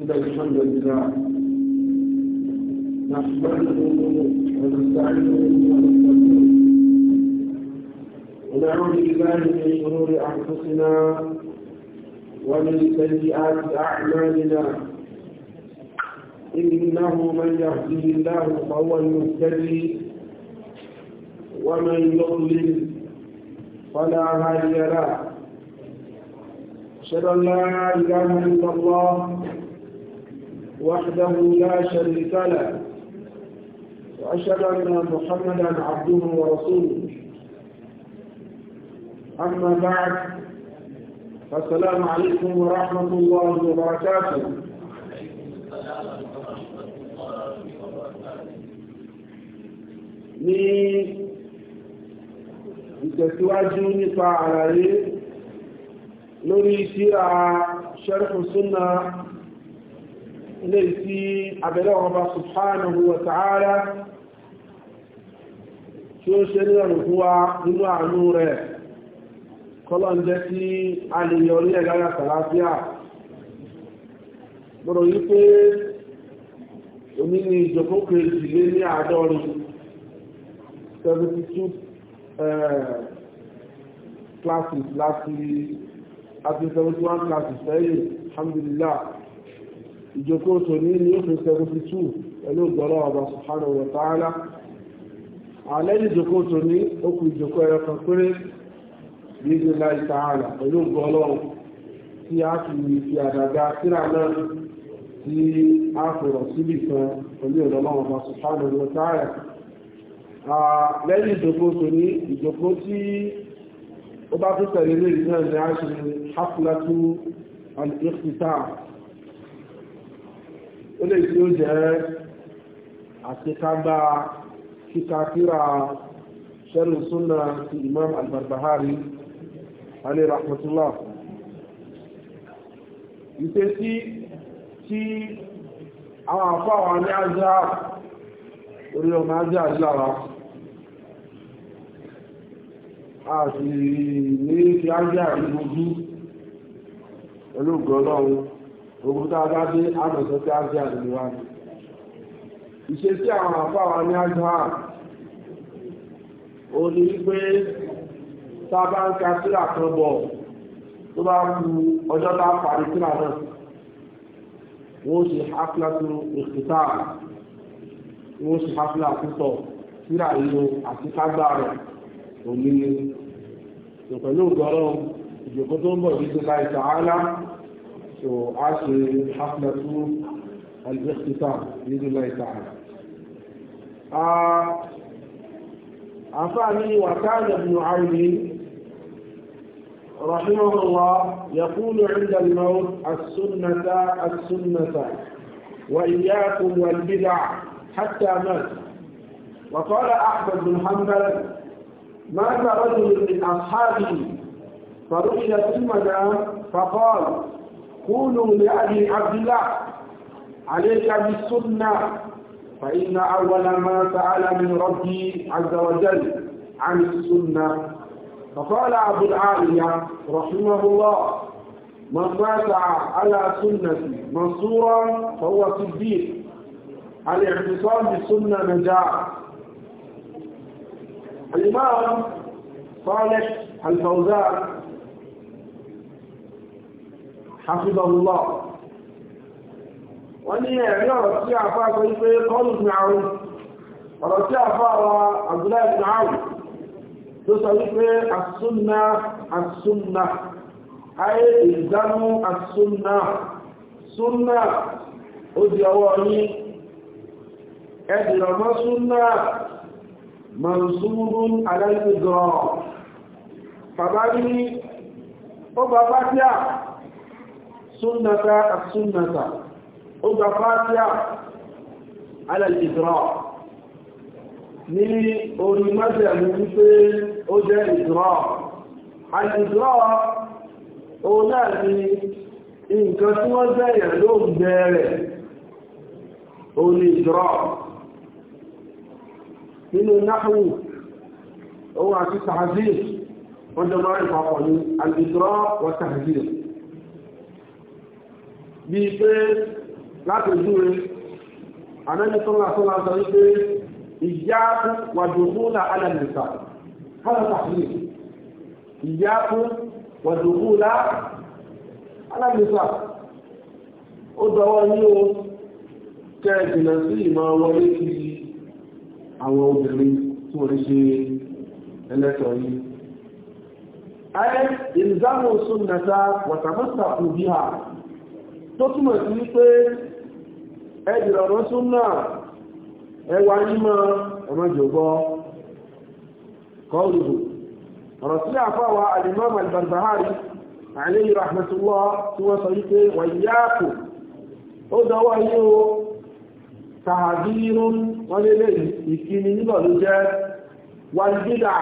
إن الحمد لله نحمده ونستعينه ونعوذ بالله من شرور أنفسنا ومن سيئات أعمالنا إنه من يهده الله فهو المهتدي ومن يضلل فلا هادي له أشهد أن لا إله إلا الله وحده لا شريك له وأشهد أن محمدا عبده ورسوله أما بعد فالسلام عليكم ورحمة الله وبركاته ní ìtẹ̀síwájú nípa àlàyé lórí síra sharh sunnah ilé tí abẹ́lẹ́ ọba subhanahu wa ta'ala tí ó ṣe ní ọ̀rùn fún wa nínú àánú rẹ̀ kọ́lọ̀ ń jẹ́ sí a lè yọrí ẹ̀ lára sàlàáfíà gbọ́dọ̀ yí pé omi ni ìjọkó kejì ní àádọ́rin 72 eh, classes láti 71 classes lẹ́yìn alhamdulillah ìjókòó tòní ní oṣù seventy two pẹ̀lú ìgbọ́lọ́ ọba subhanahu wa ta'ala àlẹ́yìn ìjókòó tòní ó kù ìjókòó ẹ̀rọ kan péré bíbí láì ta'ala pẹ̀lú ìgbọ́lọ́ tí a fi fi àdàgà síra náà tí a fọ̀rọ̀ síbì kan pẹ̀lú ìrọ̀lọ́ ọba subhanahu wa ta'ala lẹ́yìn ìjókòó ó lè tí ó jẹ́ àṣekágbá kíka síra sẹ́nu súnà ti imam albarbahari alẹ́ rahmatullah ìpé sí tí àwọn àfáwà ní ajá orí ọmọ ajá ajára àti ní ti ajá ìgbójú pẹ̀lú gọ́lọ́run ogun tó bá dé àgbẹ̀sọ́ tí i. lè wá ní sí àwọn àfáwà ní ásia ò ní wípé sábà ń ka síra kan bọ̀ tó bá ku ọjọ́ tá a parí síra náà wọ́n ṣe hafla tó ìkìtà wọ́n ṣe hafla púpọ̀ síra ìlú àti kágbá rẹ̀ òní ni pẹ̀lú ìgbọ́rọ̀ ìjòkó tó ń bọ̀ yìí وعشر حفلة الاختصار بإذن الله تعالى. أفاني آه، وكان ابن wà رحمه الله يقول عند الموت السنة السنة وإياكم والبدع حتى مات وقال أحمد بن حنبل مات رجل من أصحابه فرؤي ثم فقال قولوا لأبي عبد الله عليك بالسنة فإن أول ما سأل من ربي عز وجل عن السنة فقال أبو العالية رحمه الله من مات على سنتي منصورا فهو صديق الاعتصام بالسنة نجاة الإمام صالح الفوزان hafizahullah wọ́n ní ẹ̀rí ọ̀rọ̀ tí a fà sọ wípé kọlù ní àrùn ọ̀rọ̀ tí a fà wa àdúrà ìpín àrùn tó sọ wípé asúnná asúnná ayé ìdánú asúnná súnná ó di ọwọ́ yín ẹ̀dìrọ̀mọ́ súnná mọ̀súnrún aláìsígọ́ bàbá ní súnnata àsúnnata ó gba fátíà alàlìdìrọ̀ ní orí májẹ̀mú wípé ó jẹ́ ìdìrọ̀ alìdìrọ̀ òun náà ni nǹkan tí wọ́n bẹ̀rẹ̀ ló ń bẹ̀rẹ̀ òun ni ìdìrọ̀ nínú náhù òun àti tàhàzí wọ́n jọ máa ń papọ̀ ní alìdìrọ̀ wọ́n tàhàzí rẹ̀ bí i pé látòjúre anẹ́nìtọ́lá sọ́lá sọ wípé ìyáàkún wàdùnkúnlà alẹ́mìta fọ́lọ́tàkùnrin ìyáàkún wàdùnkúnlà alẹ́mìta ó dọwọ́ ní o kẹ́ẹ̀kìnà sí ìmọ̀ wọlé sí àwọn obìnrin tí wọ́n ṣe ẹlẹ́tọ̀ yìí ayẹ́ ìlzámù súnnata wàtàmọ́sàkù bí i tó túmọ̀ sí wípé ẹ̀dìrọ̀ ọ̀rọ̀ tún náà ẹwà yímọ̀ ẹ̀mọ́jọ̀gbọ́ kọ́ọ̀lùbù ọ̀rọ̀ sí àfáwà al-Imam al-Barbahari alayhi rahmatullah tí wọ́n sọ wípé wà yáàkù ó dọwọ́ yí o tàbírún wọ́n lélẹ̀ ìkíni nílọ̀ ló jẹ́ wà bídà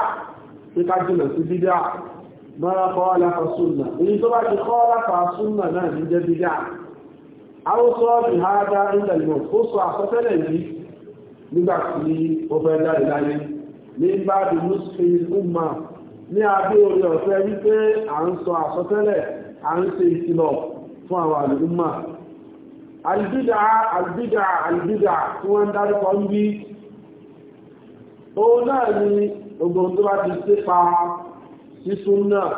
pé ká mọ́ra kọ́ láfà súnà èyí tó bá ti kọ́ láfà súnà náà ní jẹ́ bídà àwọ́sọ́ ìhádá ìdàlùmọ̀ ó sọ àsọtẹ́lẹ̀ yìí nígbàtí ó fẹ́ dáre láyé ní bá di muslim umma ní abẹ́ orí ọ̀fẹ́ wípé à ń sọ àsọtẹ́lẹ̀ à ń ṣe ìkìlọ̀ fún àwọn àlùmà albida albida albida tí wọ́n ń dárúkọ ń bí òun náà ni ogun tó bá ti sépa sísún náà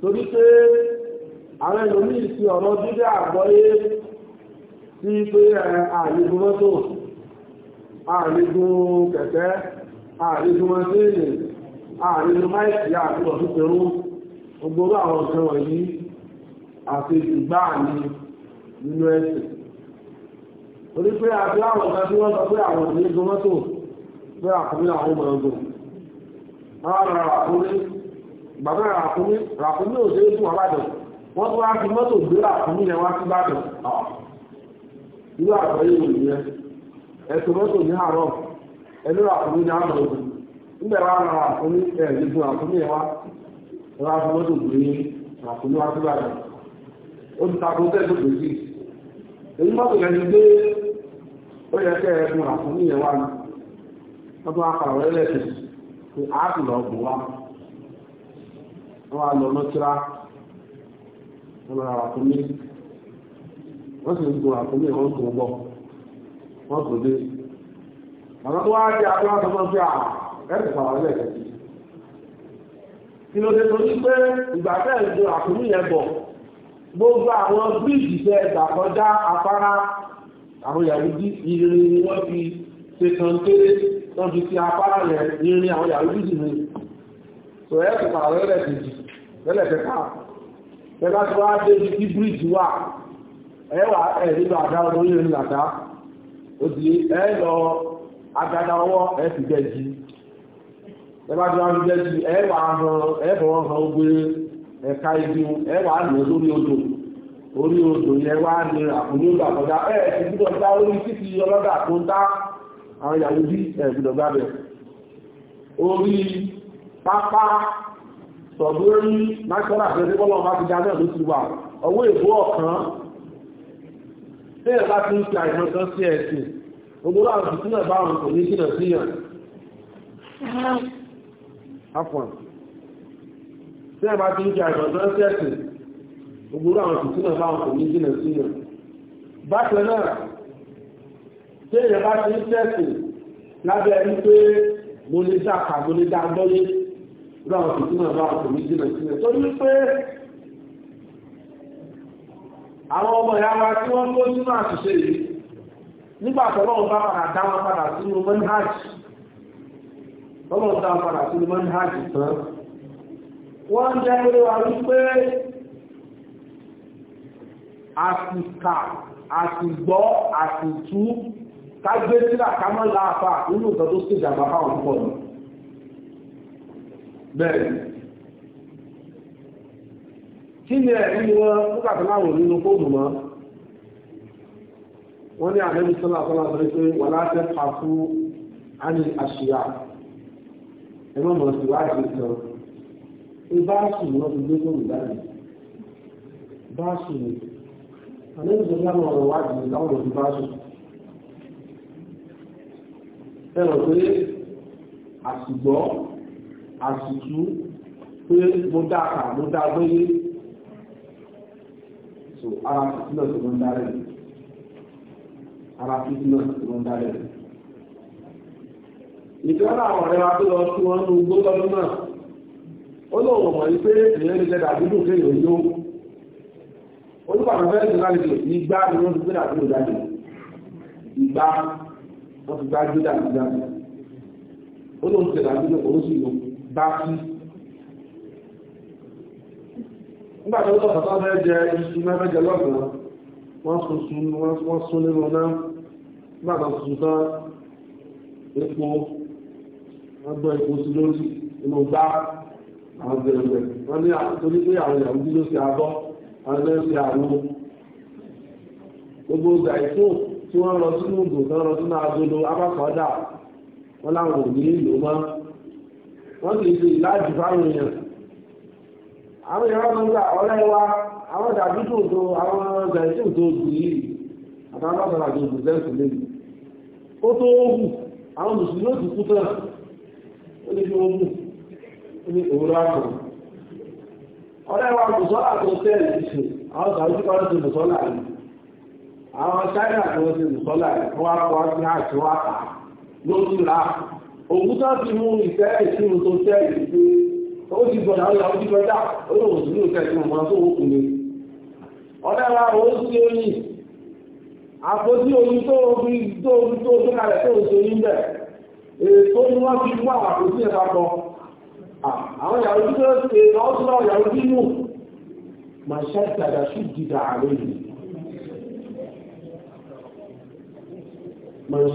torí pé àwọn ẹlòmíì ti ọ̀rọ̀ dídé àgbọ́yé sí pé àlegun mọ́tò àlegun kẹ̀kẹ́ àlegun mọ́tíìnì àlegun máìkì àti ọ̀túnpẹ̀rú gbogbo àwọn nǹkan wọ̀nyí àti ìgbáà ni nínú ẹ̀sìn orí pé àti àwọn ọ̀gá tí wọ́n sọ pé àwọn àlegun mọ́tò pé àkùnrin àwọn ọmọ ọgbọ̀n àwọn àkùnrin bàbá àkùnrin àkùnrin ò ṣe é fún àbádọ́n wọ́n tó wá fi mọ́tò gbéra fún ilẹ̀ wá sí Ìbàdàn irú àgbáyé wò ní ẹ ẹ̀sùn mọ́tò ní àárọ̀ ẹ̀lú àfúnú ní àmọ̀ òkú níbẹ̀ wá wá fún mọ́tò wá sí ó ti takò tó èyí mọ́tò yẹn ti gbé ó yẹ kẹ́ wá wọ́n wá wọ́n ra àkúnmí wọ́n sì ń gun àkúnmí wọ́n tó bọ̀ wọ́n tó dé àwọn tó wá jẹ́ abúlé wọn tó fi à ẹ̀rù pàwọn ilé ẹ̀kẹ́ sí kí ló dé tó ní pé ìgbà tẹ́ ẹ̀ gun àkúnmí yẹn bọ̀ gbogbo àwọn bíríìjì tẹ ẹgbà kọjá afárá àwọn yàrúdí irin ni wọ́n fi ṣe kan kéré wọ́n fi ti afárá yẹn irin àwọn yàrúdí sì ni sọ ẹ̀ tó pàwọn ilé tẹ́lá tó wá dé ibi bíríjì wà ẹwà ẹ̀rígbà àdá orí orí àdá ó ti lọ agada ọwọ́ ẹ fi bẹ́ẹ̀jì ẹwà ẹ̀fọ̀wọ́ hàn ogbe ẹ̀ka ibi ẹwà lọ lórí odò orí odò ní kọjá gbúdọ̀ gbá orí títí ọlọ́dà tó ń dá àwọn ìyàwó bí gbúdọ̀ gbá bẹ̀ sọ̀dúrí náṣọ́lá àfẹ́sẹ́ bọ́lọ̀ bá ti dáná ló ti wà ọwọ́ èbó ọ̀kan tẹ́yẹ̀ bá ti ń fi àìmọ̀ kan sí ẹ̀sìn gbogbo láwọn fi sílẹ̀ bá wọn kò ní jìnà síyàn afọ̀n tẹ́yẹ̀ bá ti ń fi àìmọ̀ kan sí ẹ̀sìn gbogbo láwọn fi sílẹ̀ bá wọn kò ní jìnà síyàn bákan náà tẹ́yẹ̀ bá ti ń tẹ̀sìn lábẹ́ ẹni pé mo lè dá kà mo lè dá gbọ́yé irú àwọn tòkí bá àpò sílẹ̀ tó ní pé àwọn ọmọ ìyá wa tí wọ́n kó sínú àṣìṣe yìí nígbà tọ́lọ́run bá padà padà sínú manhaj tọ́lọ́run dá padà sínú manhaj tán wọ́n jẹ́ pé wa wípé àtìkà àtìgbọ́ àtìtú ká gbé sílà ká mọ́ nínú nǹkan tó fáwọn púpọ̀ yìí bẹ́ẹ̀ kí ni ẹ̀rí wọ́n púpàtà láwọn nínú fóònù mọ́ wọ́n ní àmẹ́bí sọ́lá sọ́lá sọ́lá pé wà láti pa fún àní àṣìyà ẹgbẹ́ mọ̀ sí wájú sọ ìbáṣù ni wọ́n ti gbé fóònù dání báṣù ni àmẹ́bí sọ́lá mọ̀ ọ̀rọ̀ wájú láwọn òbí báṣù ẹ̀rọ pé àṣìgbọ́ àsìkú pé mo dá kà mo dá gbéyé so ara fìtí náà tó ló ń dálẹ̀ ara fìtí náà tó ló ń dálẹ̀ ìjọba àwọn ọ̀rẹ́ wa tó lọ sí wọn ní ugbó lọ́dún náà ó lóun ọmọ yìí pé èèyàn lè jẹ dàbídù kéèyàn yó olùpàdé fẹ́ẹ́ ti lálejò ìgbà ni wọ́n ti gbé dàbídù jáde ìgbà wọ́n ti gbá gbé dàbídù jáde ó lóun ti dàbídù oríṣiríṣi bá kí nígbàtí ó tọ́ta bá bẹ́ẹ̀ jẹ iṣu mẹ́fẹ́jẹ lọ́gbọ̀n wọ́n sunsun wọ́n sún nínú náà nígbàtí wọ́n sunsun tán epo wọ́n gbọ́ epo sí lórí inú gbá àwọn gbẹ̀rẹ̀gbẹ̀ wọ́n ní àtúntò pé àwọn ìyàwó bí ló ṣe abọ́ àwọn ẹgbẹ́ ṣe àwọn gbogbo ìgbà ìfò tí wọ́n lọ sínú ògùn tán lọ sínú agolo abákọ̀ọ́dà wọ́n láwọn ò ìlú mọ́ wọ́n sì ṣe ìlàjì fáwọn èèyàn àwọn èèyàn wọn gba ọ̀rẹ́ wa àwọn dàbí tó àwọn gẹ̀ẹ́sì tó tù yìí àtàwọn ó tó àwọn mùsùlùmí ó ti kú tán ó ní ó ní òwúrọ̀ ọ̀rẹ́ wa tó àwọn kan ti yìí àwọn tó ti òkúta ti mú ìfẹ́ ìsinmi tó tẹ́ ìgbé ó ti gbọ̀nà àwọn ìyàwó jíjọ olóòwò sí ní ìfẹ́ ìsinmi kan tó wó kùnlé ọ̀dẹ́ra ó sí oyin àpótí tó fi tó fi tó kalẹ̀ tó ni wọ́n fi mú àwọn àwọn ìyàwó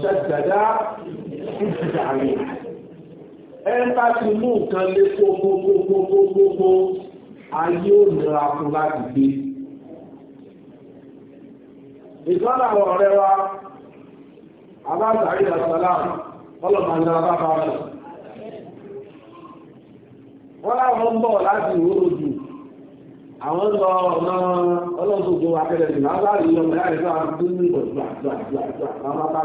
ṣe náà ìdìdà rẹ̀ ti mú nǹkan lé kókókókókókó ayé ò nira fún dị gbé ìtọ́nà àwọn ọ̀rẹ́ wa abáàtàrí àṣàlá wọ́n láwọn ń bọ̀ láti ìwúrò àwọn lọ ọ̀nà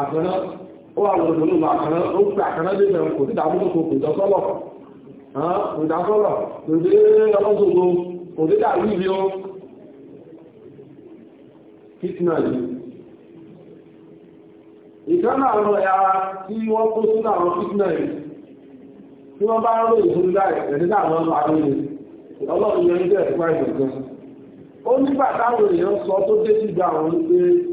àkànná ó wà lọ́dún lónìí mà ó pè àkànná dé kò dídà mú kò kò ìdásọ́lọ̀ kò ìdásọ́lọ̀ kò dé kò ó kìtìnà yìí àwọn ẹ̀yà tí wọ́n kó sínú àwọn kìtìnà yìí tí wọ́n bá láì ẹ̀dẹ́dà àwọn àwọn àwọn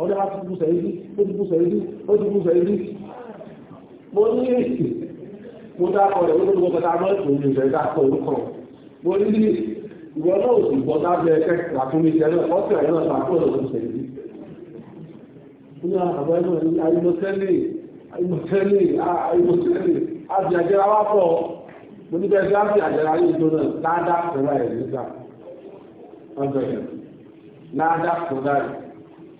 ọdún bá ti búṣẹ̀ ìdí ó ti búṣẹ̀ ìdí ó ti búṣẹ̀ ìdí mo ní èsì mo dákọ̀ rẹ̀ ó tó gbogbo ta mọ́ ìpò ìrìnṣẹ́ dákọ̀ orúkọ mo ní ìwọ náà ò sì gbọ́ lábẹ́ ẹ̀kẹ́ làkúnmíṣẹ́ náà ọ̀sẹ̀ rẹ̀ náà sàkó ọ̀rọ̀ búṣẹ̀ ìdí ní àwọn ẹgbẹ́ ní àìmọ̀tẹ́lẹ̀ àìmọ̀tẹ́lẹ̀ àìmọ̀tẹ́lẹ̀ àti àjẹrà wá pọ̀ mo ní bẹ́ẹ̀ láti àjẹrà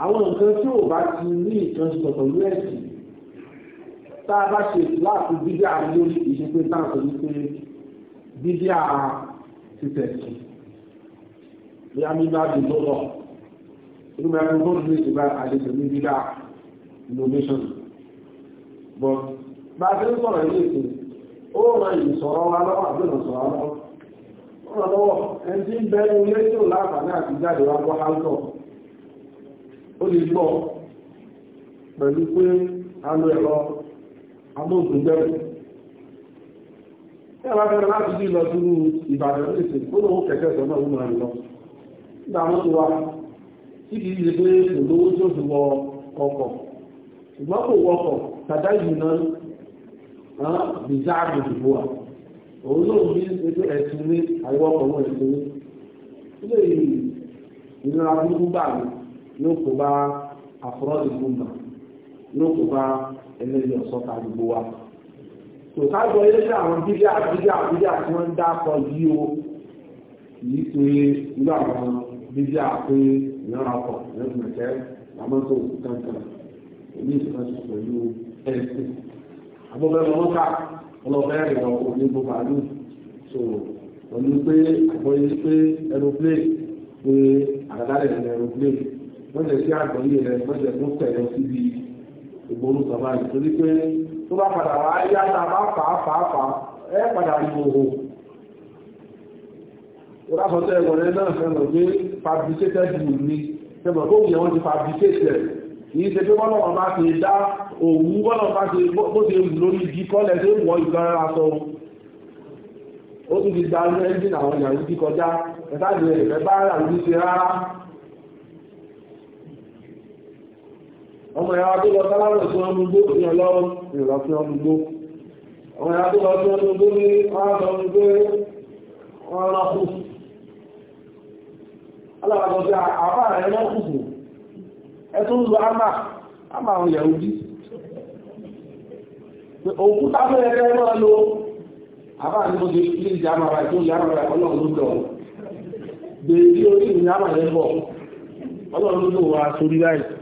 àwọn nǹkan tí ò bá ti ní ìkan sọ̀tọ̀ lẹ́sìn tá a bá ṣe láti bídíà lórí ìṣẹ́pé táǹkì wípé bídíà ti tẹ̀sí bí a ní bá dùn lọ́rọ̀ inú mi ẹni tó dùn sí bá àlejò ní bídíà innovation but bá a ti ń sọ̀rọ̀ ilé ìsìn ó ràn ìsọ̀rọ̀ wa lọ́wọ́ àbí ìrànsọ̀rọ̀ lọ́wọ́ ẹni tí ń bẹ́ẹ̀ ní ilé tí ò láǹfààní àti jáde wa gbọ́ ó lè gbọ́ pẹ̀lú pé a lo ẹ̀rọ amóhùngbẹ́rù tí a bá fẹ́rẹ̀ láti bí lọ sínú ìbàdàn lèṣe ó lóun kẹ̀kẹ́ sọ náà rẹ̀ lọ nígbà wọn tó wá tí kìí ṣe pé kò lówó tó fi wọ ọkọ̀ ṣùgbọ́n kò wọkọ̀ tàdá ìrìnà bìzá àgbègbè wa òun lóun bí ẹgbẹ́ ẹ̀sìn ní àìwọ́kọ̀ wọn ẹ̀sìn ní ilé ìrìnà burúkú báyìí yóò kó bá àfúrọ́dì gbùmọ̀ yóò kó bá ẹlẹ́yìn ọ̀sọ́ta gbogbo wa. kò ká gbọ́ ilé sí àwọn bíbí àbíbí àbíbí àti wọ́n ń dákọ yìí o yìí pé irú àwọn bíbí àpé ìyára ọkọ̀ ìrẹ́gbẹ̀kẹ́ làmọ́tò kankan èmi ìsìnkú pẹ̀lú ẹ̀sìn. àbúbẹ́ mọ́ká ọlọ́bẹ̀ẹ́ rẹ̀ òní gbogbo àdú so pẹ̀lú pé àgbọ̀yé pé aeroplane pé àdàdà rẹ̀ ní aeroplane mọ́jẹ̀ sí àgbọ̀nyé rẹ̀ mọ́jẹ̀ tó tẹ̀lé síbi ìgboro bàbá rẹ̀ torí pé tó bá padà wá yá tá a bá fà á fà á fà á ẹ padà rí òhò. ó dá sọ́tẹ́ ẹ̀gbọ́n rẹ̀ náà fẹ́ràn pé fabricated wood ni ṣẹ̀bọ̀ tó yẹ wọ́n ti fabricate rẹ̀ kì í ṣe pé bọ́lọ̀ wọn bá ti dá òwú bọ́lọ̀ bá ti bó ti wù lórí igi kọ́lẹ̀ tó wọ ìgbọ́nra aṣọ ó tún ti gba ẹ́ńjìn àwọn ìyàwó ti kọjá ẹ̀ta ọmọ ìyá tó lọ sáláwọ̀ tí wọ́n mú gbó ní ọlọ́run ní ọ̀lá tí wọ́n mú gbó ọmọ ìyá tó lọ tí wọ́n mú gbó ní ọlọ́run ní pé wọ́n rán kù alábàtọ̀ sí àbá rẹ̀ rán kù kù ẹ tó ń lo ámà ámà àwọn yẹ̀wò bí ní mo ti fi ìjà àmà rẹ̀ ọlọ́run ló dọ̀ bèèrè orí ìyá àmà ọlọ́run ló wà láìsí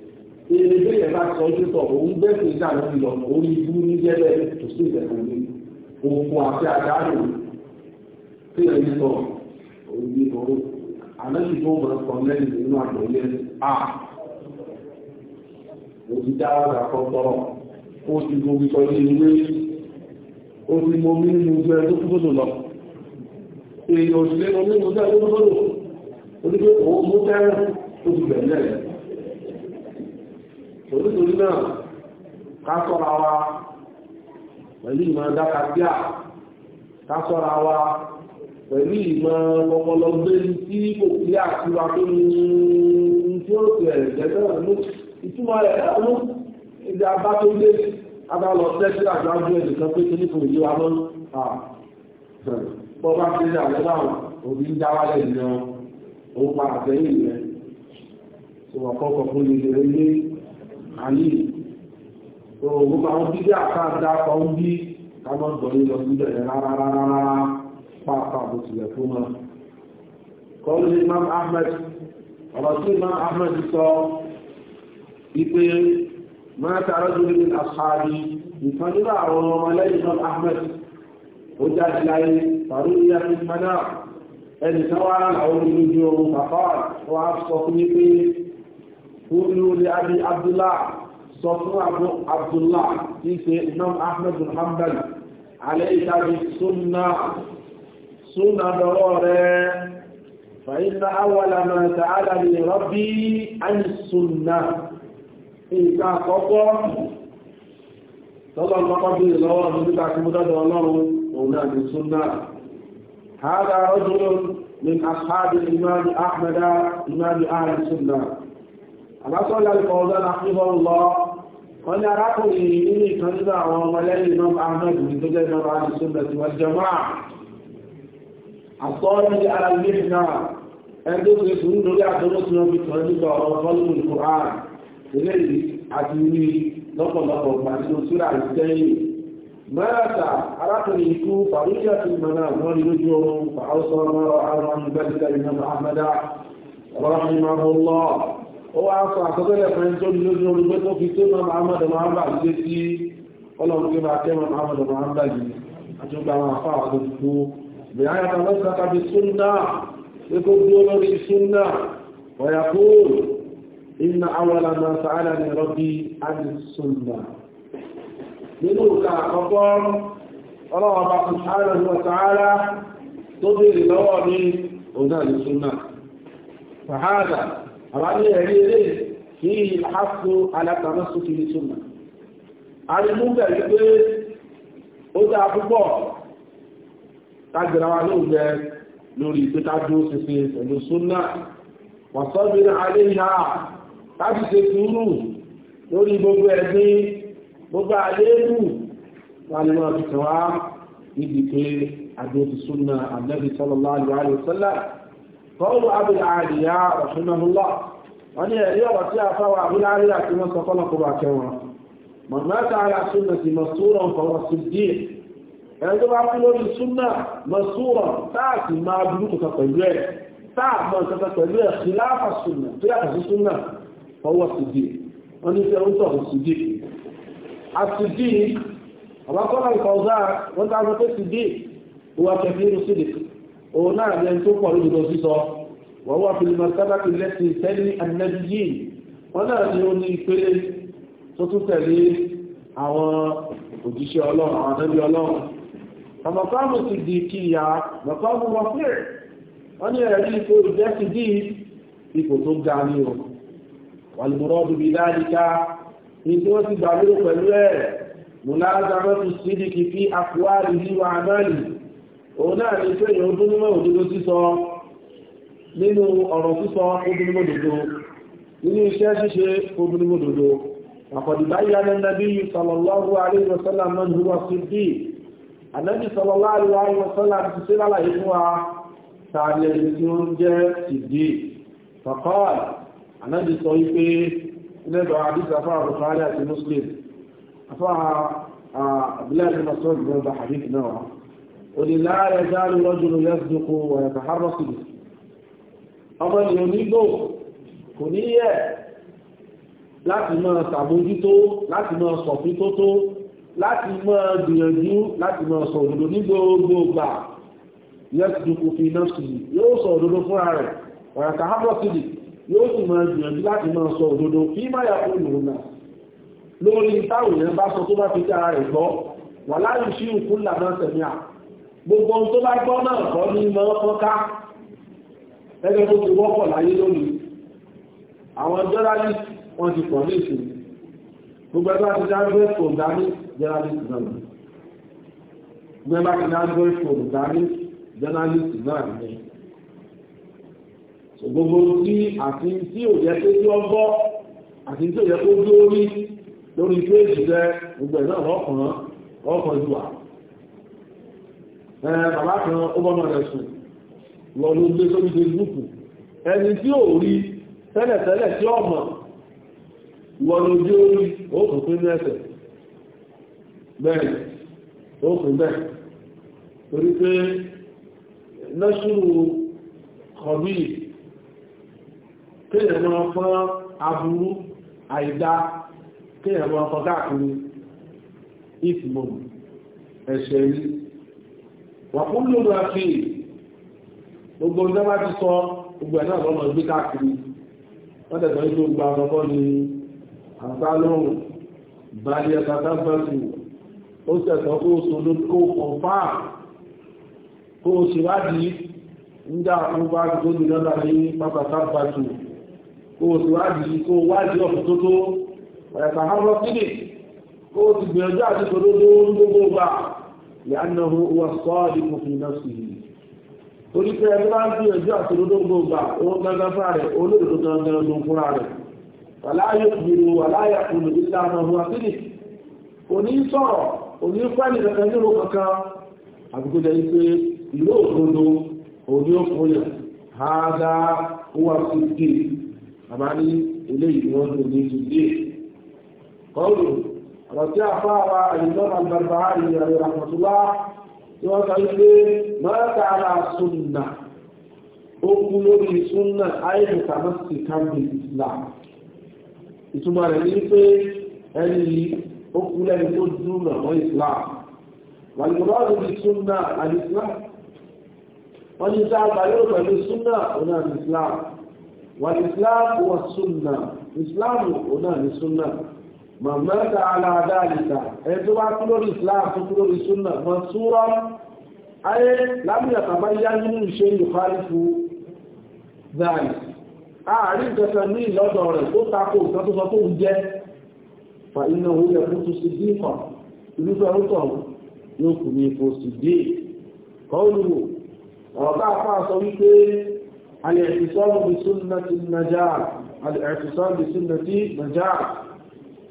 èrè bẹ́ẹ̀ bá sọ ojú tọ̀ òun gbẹ́sẹ̀ ìdáná ìlọ orí ibú ní jẹ́lẹ̀ tó sí ìdẹ̀kùn ní òkun àti àdáàrò tí ẹ̀ ń sọ òye ọ̀rọ̀ àlẹ́sì tó mọ̀ ọ̀kan lẹ́yìn nínú àgbọ̀lẹ́ a òbí dáwàdà kan tọrọ ó ti gbogbo sọ ní ìwé ó ti mọ mí nínú ìgbẹ́ tó kú tó lọ èèyàn òṣìlẹ́ mọ mí nínú tó kú tó lọ olùdórí náà ká sọ́ra wa pẹ̀lú ìmọ̀ dákàtíà ká sọ́ra wa pẹ̀lú ìmọ̀ ọpọlọgbé tí kò sí àtiwá tó ní tí ó ti ẹ̀rẹ̀ jẹ́ náà mú ìtumọ̀ rẹ̀ náà mú ìdí abá tó lé abálọ tẹ́sí àjọ́jú ẹ̀dùn kan pé kíní kò yí wa mọ́ pọ́ bá ti rí àwọn láwọn òbí ń dáwálẹ̀ ìyẹn òun pa àtẹ́yìn rẹ̀ tí wọ́n kọ́kọ́ fún lè àní òògùn àwọn bíbí àkáàdá pa ń bí kámọ́ gbọ́nrí lọ sí bẹ̀rẹ̀ rárárárá Imam Ahmed ọ̀rọ̀ Imam Ahmed sọ ipe mẹ́ta rẹ́gbẹ̀rẹ́ ní asáàbí ìkan nígbà àwọn ọmọ lẹ́yìn Imam Ahmed ó jáde láyé pàrọ̀ ìyá ní mẹ́ta ẹnìkan wá láwọn olùdíjú ohun pàpá wá sọ fún yí pé olórí abi abdullah sọ fún abu abdullah tí ṣe imam ahmed bin hanbal alẹ́ ìtàbí súnà súnà dọ́wọ́ rẹ̀ fàyínà awàlà máa tààlà lè rọ́bí àyí súnà ìta àkọ́kọ́ tọ́lọ̀ lọ́pọ̀ bí lọ́wọ́ nígbà tí mo dọ́dọ̀ ọlọ́run هذا رجل من أصحاب الإمام أحمد إمام أهل السنة àbásọ́lá ìfọ̀ọ́dọ́ na fífọ́ lọ wọ́n ní arákùnrin nínú ìkan nínú àwọn ọmọlẹ́yìn náà ahmed ní tó jẹ́ ìjọba àti sunday tí wọ́n jẹmọ́ àtọ́rí ara ilé náà ẹgbẹ́ tó ti ó wá sọ àkọsílẹ̀ fún tó ní lójú olùgbé tó fi tó máa Muhammadu Muhammad lé sí ọlọ́run gbé máa kẹ́ Muhammadu Muhammad yìí àti ó gba àwọn afá àwọn olùgbó ìbẹ̀rẹ̀ ayàtà lọ́sà tàbí súnnà pé kó dúró lórí súnnà ọ̀yà kúrò inna awala ma sa'ala ni rabbi an sunna nínú ìka àkọ́kọ́ ọlọ́wọ́ bá kùn sáàrẹ̀ ní ọ̀tàárá tó bèèrè lọ́wọ́ ní ọ̀nà ìsúnà fàhádà àwọn ilé ẹ̀rí eré kí ìlàáfò alákàmọ́ sókè ní túnmà arínú bẹ̀rẹ̀ pé ó dáa púpọ̀ tágbìrawa ló gbẹ lórí pé tájú ṣeṣe pẹ̀lú súnà wàsọ́bìnrin aléhà tàbí ṣe túrù lórí gbogbo ẹ̀gbin gbogbo àléébù wà ní wọn fi tàn wá níbi pé àjọ ti súnà قول أبو العالية رحمه الله وأن يرى سيافة أبو العالية كما سقلق باكوا من مات على سنة مسطورا فهو الصديق ẹ̀rọ bá kú lórí súnmà mọ̀súrọ̀ táàkì máa burú kọta pẹ̀lú ẹ̀ táàmọ̀ kọta pẹ̀lú ẹ̀ ṣìláàfà súnmà tó yàtọ̀ sí súnmà ọwọ́ sídì wọ́n ní fẹ́rún tọ̀ sídì a sídì òun náà lẹ́nu tó pọ̀ lójúdó sísọ wọ́n wà fi lùmọ̀ sábàkì lẹ́sìn tẹ́lẹ̀ ànẹ́bí wọ́n náà ni ó ní ìpele tó tún tẹ̀lé àwọn òjíṣẹ́ ọlọ́run àwọn ànẹ́bí ọlọ́run ọmọkọ́mù ti di kíyà mọ̀kọ́mù wọ́n fẹ́ wọ́n ní ẹ̀rí ipò ìjẹ́sì dí ipò tó ga ní o wàlùmọ́rọ́ bíbí dáadíká ní tí wọ́n ti gbà lérò pẹ̀lú ẹ̀ mùláàzà mọ́tò sídìkì fi àkúwárí ní wàhánálì òun náà ní pé èèyàn dún nímọ̀ òdodo sísọ nínú ọ̀rọ̀ sísọ obìnrin òdodo nínú iṣẹ́ ṣíṣe obìnrin òdodo àkọ̀dìbá yá ní nàbí sallallahu alaihi wasallam man huwa siddiq ànábì sallallahu alaihi wasallam ti sí lálàyé fún wa tààrí ẹni tí ó ń jẹ́ siddiq faqal ànábì sọ wípé nílẹ̀dọ̀ àdìsí afá Bukhari àti Muslim afá Abdullahi bin Mas'ud bin náà òdìlá ẹ̀dáàrí lọ́jọ́rò yẹ́sùkú ẹ̀kàhárọ́sì ọmọ ènìyàn nígbò kò ní yẹ láti máa ṣàbójútó láti máa sọ̀fíntótó láti máa gbìyànjú láti máa sọ òdodo ní gbogbo gbà yẹ́sùkú fi iná sí yóò sọ òdodo fúnra rẹ̀ ẹ̀kàhárọ́sì yóò sì máa gbìyànjú láti máa sọ òdodo kí má yà kó lòun lórí táwọn èèyàn bá sọ tó bá fi kára rẹ̀ gbọ́ wà láyé sí ìkúlà náà tẹ̀mí gbogbo ohun tó bá gbọ́ náà kọ́ ní ìmọ̀ ọ̀pọ̀ká gẹ́gẹ́ tó ti wọ́pọ̀ láyé lónìí àwọn jọ́rálìsì wọ́n ti pọ̀ ní ìṣòro gbogbo ẹgbẹ́ ti dáńgbé fòun dání jọ́rálìsì náà gbogbo ẹgbẹ́ ti dáńgbé fòun dání jọ́rálìsì náà ní gbogbo tí àti tí ò yẹ pé tí ó gbọ́ àti tí ò yẹ kó dúró rí lórí péjì rẹ gbogbo ẹ̀ náà lọ́kàn ọkàn ìwà bàbá kan ó bọ́mọ̀ rẹ̀ sùn lọ ló gbé sórí Facebook ẹni tí ò rí tẹ́lẹ̀tẹ́lẹ̀ tí ó mọ̀ wọ́n ló dé orí òkùnkùn ní ẹsẹ̀ bẹ́ẹ̀ òkùn bẹ́ẹ̀ torí pé lọ́ṣùrù kọ̀bí kéèyàn máa fọ́n aburú àìdá kéèyàn máa fọ́n káàkiri ìfìmọ̀ ẹ̀ṣẹ̀ yìí wàkúndùn ló máa fi gbogbo ọjọ́ bá ti sọ gbogbo ẹ̀ náà lọ́nà gbé káàkiri wọ́n tẹ̀sán yìí tó gba ọkọ̀ ní àtàlóhùn balẹ̀ ẹ̀ka bẹ́ẹ̀kù ó tẹ̀sán kó oṣù ló kó ọ̀fà kó oṣù wádìí ń dá àkókò àti tó dùn lọ́dà ní pápákọ̀ bàtù kó oṣù wádìí kó wádìí ọ̀fọ̀ tó tó ẹ̀ka hàn lọ sílẹ̀ kó o gbìyànjú àti tòdodo ń gbogbo gbà لأنه هو الصادق في نفسه torí pé ẹgbẹ́ bá ń bí ẹjọ́ àtòrótó gbogbo òun gangan fún ààrẹ olóòtú gangan ló ń fúnra rẹ̀ wàláyé ìgbìrò wàláyé àkùnlù ilé àwọn àkíní òní sọ̀rọ̀ òní pẹ́lú kankan nínú kankan àbíkó jẹ́ pé ìlú òdodo òní ó fún hága wà sí dé àbá ní ilé tó ní ti dé kọ́ọ̀lù ọ̀rọ̀ tí a fá wa àyíkọ́nà gbàgbà ìyàrá ìrànmọ̀túwá tí wọ́n sọ pé mọ́ta ara sunna ó kú lórí sunna àìlùkà náà sì kábi islam ìtumọ̀ rẹ̀ ní pé ẹni yìí ó lẹ́ni tó dúró mọ́ islam wàlúwà lórí wọ́n ni súnà mọ̀mọ́ta aláàdáàlìta ẹni tó bá kú lórí islam tó kú lórí súnà mọ̀ súnrọ́ ayé lábíyà kàbá yá nínú ìṣe ìfàrífù zàì ààrí ìjọsẹ̀ ní ìlọ́dọ̀ rẹ̀ tó tako nǹkan tó sọ tó ń jẹ́ fa iná owó yẹ fún tó sì dí kan irúfẹ́ orúkọ̀ yóò kù ní ipò sì dí kọlù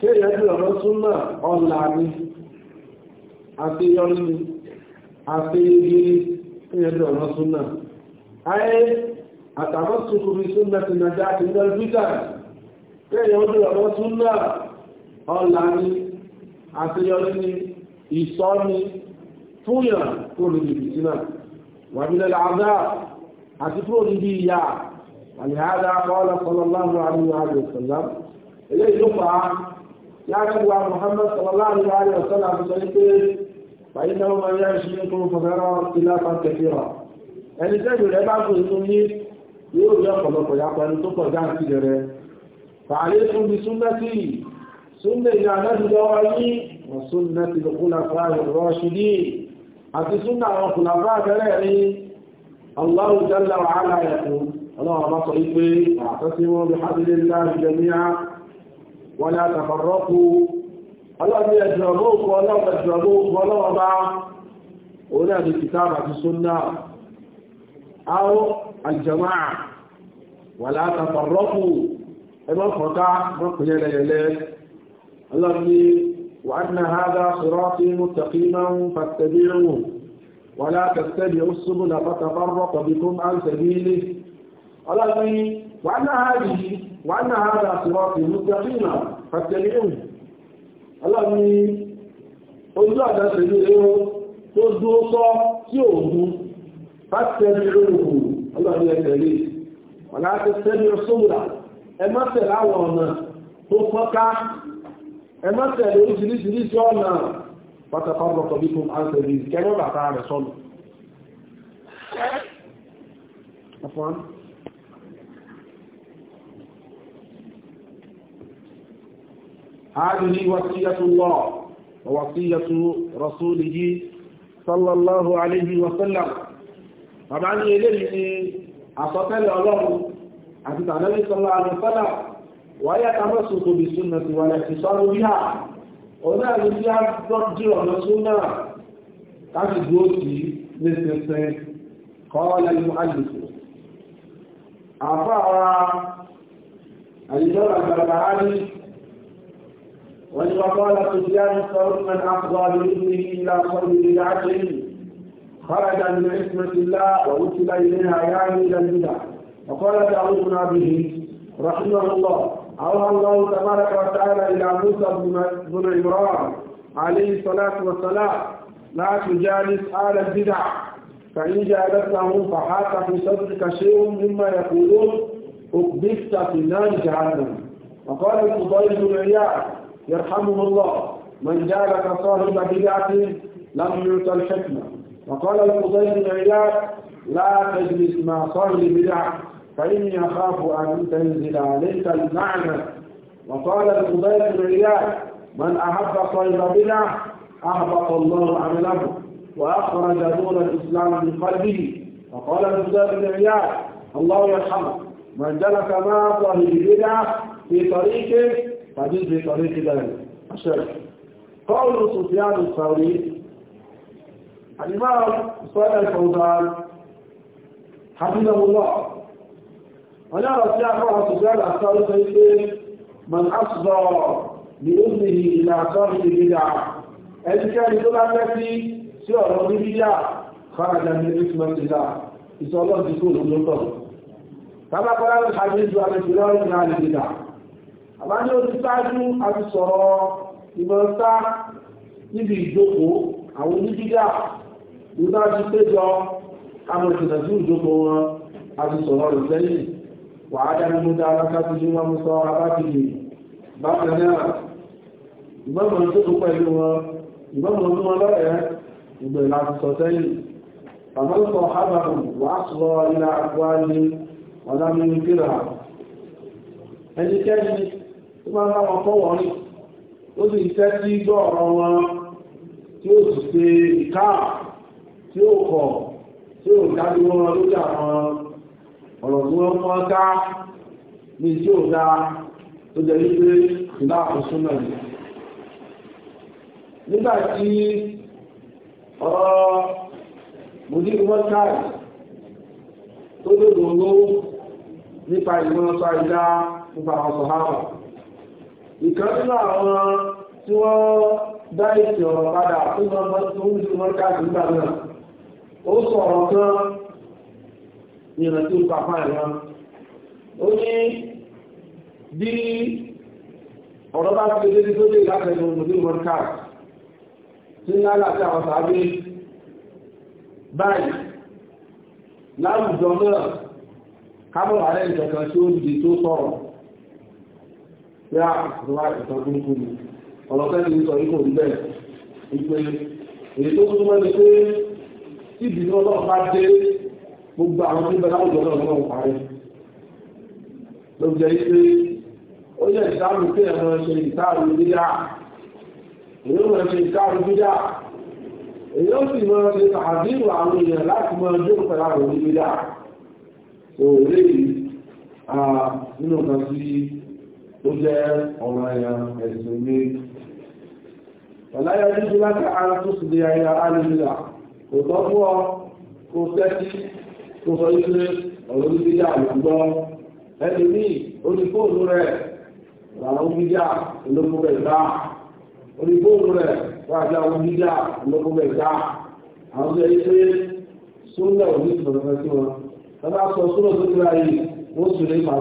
kéèyàn bí ọ̀rọ̀ súnmọ̀ ọ̀là ni àti yọrí ni àti igi kéèyàn bí ọ̀rọ̀ súnmọ̀ ayé àtàwọn sùkúrú súnmọ̀ ti nàjà àti nẹ́lbítà kéèyàn bí ọ̀rọ̀ súnmọ̀ ọ̀là ni àti yọrí ni ìsọ́ ni fúnyàn kó lè bìbì sí náà wà nílẹ̀ làbẹ́ àti fún òdìdí ìyá àlìhádà kọ́lá sallallahu alaihi wa sallam eléyìí ló fà á yára Muhammad sallallahu alaihi wa sallam sọ pé fàyínà ọmọ yá ṣe ń kún fọ̀fẹ́rọ̀ ilá pàtẹ́fìrọ̀ ẹni tẹ́jù rẹ̀ bá kò inú yí yóò rí ọ̀pọ̀lọpọ̀ ya pẹ̀lú tó pọ̀ já sí rẹ̀ fàálẹ́ fún mi súnmẹ́tì súnmẹ́ ìyá anájúlọ́wọ́ yí wọ́n súnmẹ́tì lọ́kùnlá rọ́ṣídì àti súnmẹ́ àwọn kùnlá fẹ́rẹ̀ rí Allahu jalla wa ala yaqul ọlọ́run bá sọ wípé àtọ́sí wọn bí hábílẹ̀ láàrin jẹ́míà wọ́n lá tàbàrọ́kù ọlọ́run ẹ̀dùnàmọ́ òkú ọlọ́run ẹ̀dùnàmọ́ òkú ọlọ́run bá òun náà ní kìtàbà àti súnnà àwọn àjẹmáà wọ́n lá tàbàrọ́kù ẹgbẹ́ fọ́ká mọ́kànlẹ́lẹ́lẹ́ ọlọ́run ní وأن هذا صراطي مستقيما فاتبعوه ولا تتبعوا السبل فتفرق بكم عن سبيله قال وأن هذه وأن هذا صراطي مستقيما فاتبعوه الله ni ojú àdáṣe ní ẹ̀rọ tó dúó sọ tí ò mú bá tẹ́lẹ̀ ìròyìn ẹ̀tẹ̀lẹ̀ wọ́n láti tẹ́lẹ̀ ṣúgbà ẹmọ́tẹ̀lẹ̀ ọ̀nà tó fọ́ká ẹmọ́tẹ̀lẹ̀ oríṣiríṣiríṣi ọ̀nà pátápátọ̀ هذه وصية الله ووصية رسوله صلى الله عليه وسلم طبعا إليه أصطل الله عبد النبي صلى الله عليه وسلم ويتمسك بالسنة والاعتصام بها ọ̀nà àti tí a gbọ́jú ọ̀nà súnà láti dúró sí lẹ́sẹsẹ kọ́ọ̀lá inú àjòkò àfáà àyíjọ́ àgbàgbà á ní وقال سفيان الثوري من أقضى بإذنه إلى صوم بدعة خرج من عصمة الله ووصل إليها يعني إلى البدع وقال تعوذنا به رحمه الله أوحى الله تبارك وتعالى إلى موسى بن عمران عليه الصلاة والسلام لا تجالس آل البدع فإن جالسته فحاك في صدرك شيء مما يقولون أقبلت في نار جهنم وقال الفضيل بن عياد يرحمه الله من جالك صاحب بدعة لم يؤت الحكمة وقال القضي بن عياد لا تجلس مع صاحب بدعة فإني أخاف أن تنزل عليك المعنى وقال القضي بن عياد من أحب صاحب بدعة أحبط الله عمله وأخرج نور الإسلام من قلبه وقال القضي بن عياد الله يرحمه من جلس مع صاحب بدعة في طريقه حديث بطريق ذلك الشرح قول سفيان الثوري الإمام صالح الفوزان حفظه الله ولا رسيح روح سفيان الثوري سيقول من أصدى بأذنه إلى صاحب البدع أي كان يقول عن نفسي سيارة البدع خرج من عصمة الله إن شاء الله تكون من الطرق كما قال الحديث عن الفلان من أهل البدع àbá ní o ti ṣáájú sọ̀rọ̀ ìbọn níbi ìjókòó àwọn onídídá nígbà tí péjọ káwọn ìṣẹ̀lẹ̀ sí ìjókòó wọn a sọ̀rọ̀ rẹ̀ sẹ́yìn wàá dá nínú dá alákàtí ní wọn sọ abákejì bákan náà ìgbọ́mọ̀ tó tó pẹ̀lú wọn ìgbọ́mọ̀ tó wọn lọ́rẹ̀ ìgbẹ̀ láti sọ sẹ́yìn àmọ́sọ̀ hábàrùn wà sọ àgbáyé máa bá wọn fọ́ wọn rìn ó sì iṣẹ́ tí gbọ́ ọ̀rọ̀ wọn tí ó sì ṣe ìká tí ó kọ̀ tí ó dájú wọn lójú àwọn ọ̀rọ̀ tí wọ́n fọ́n ká ní tí ó dá tó jẹ́ wípé ìlà àkóso náà nígbà tí ọ̀rọ̀ mùdíkù wọ́n káì tó lòdò lówó nípa ìwọ̀n ìdá nípa àwọn sọ̀hárà ìkan nínú àwọn tí wọ́n dá ìsìn ọ̀rọ̀ padà tó máa tó ń fi wọ́n káàkiri nígbà náà ó sọ̀rọ̀ kan ní ó ní bí ọ̀rọ̀ bá ti tó lè látẹnu wọn tí ń àwọn sàábé báyìí láwùjọ náà kábọ̀ ìjọkan tí ó dìde tó sọ̀rọ̀ yá ìjọba ìtàn burúkú ni ọ̀lọ́fẹ́ ti sọ ikú rí bẹ́ẹ̀ ìpè èyí tó tún mẹ́rin pé tí ìbínú ọlọ́run bá dé gbogbo àwọn tó ń bẹ láwùjọ náà lọ́wọ́ parí ló jẹ́ pé ó yẹ ìdáhùn pé ẹ̀rọ ṣe ìdáhùn bídà èyí ó mọ̀ ṣe ìdáhùn bídà èyí ó sì mọ̀ ṣe àdínwó àwọn èèyàn láti mọ̀ ọjọ́ pẹ̀lú àwọn oníbídà òwúrẹ́ yìí ah, nínú kan sí ó jẹ́ ọ̀rọ̀ ẹ̀yà ẹ̀sìn ní ọ̀láyà títí láti ara tó sì di ẹ̀yà alìlà kò tọ́ fún ọ kò tẹ́tí kò sọ ilé ọ̀rọ̀ oníbíyà àgbọ́ ẹni ní onífóònù rẹ̀ làwọn oníbíyà olókùn rẹ̀ gbá onífóònù rẹ̀ wájú àwọn oníbíyà olókùn rẹ̀ gbá àwọn ọmọ ẹgbẹ́ súnlẹ̀ òní ìfọ̀rọ̀fẹ́ sí wọn lọ́dá sọ súnlẹ̀ tó kíra yìí wọ́n sì rí màá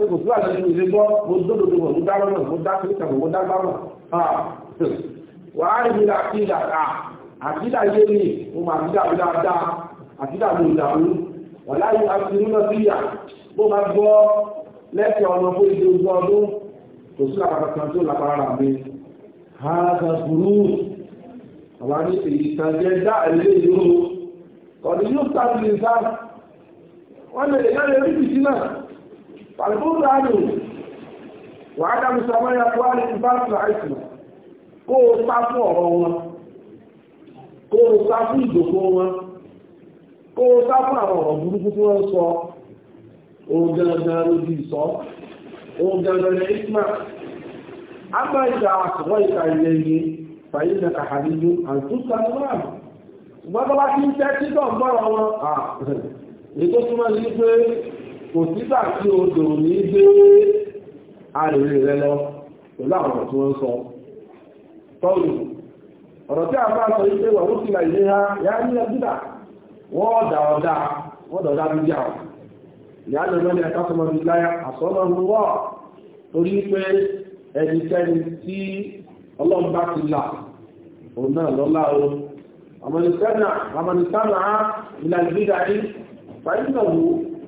pé kò síwájú nínú ilé gbọ́ mo dódòdó mọ̀ mo dáná mọ̀ mo dá kíríkà mo dá gbá mọ̀ wà á rí ra kíra à àkídà yé ni mo máa kídà mi dáadáa àkídà mi ìdààmú wà láyé aṣírí náà sí ìyà mo máa gbọ́ lẹ́sẹ̀ ọ̀nà fún ìdí ogún ọdún kò sí làpàtà kan tó làpàrà rà mí ha ga burú àwọn àti ìtànjẹ dá ẹ̀lẹ́ ìlú kọ̀dí yóò sáà lè sá wọ́n lè lè rí bìtì náà فالبرهان وعدم سماع أقوال الإنفاق العصمة kó o sá fún ọ̀rọ̀ wọn kó o sá fún ìdòkó wọn kó o sá fún àwọn ọ̀rọ̀ burúkú tí wọ́n sọ ohun gangan lójú ìsọ́ ohun gangan ní isma àmà ìjà àṣùwọ́ na kò sígbà tí odò ní gbé àrèrè rẹ lọ pẹ̀lú àwọn ọ̀rọ̀ wọ́n ń sọ tọ́lù ọ̀rọ̀ tí a bá sọ wà ó ilé ha yá ní wọ́n dà wọ́n bí ìyá ẹ̀ka sọmọ bí ń wọ́ torí pé ẹnikẹ́ni tí ọlọ́run bá ti là òun náà lọ́lá o àmọ́nìsánà àmọ́nìsánà ilà ìgbéga yìí fàyínà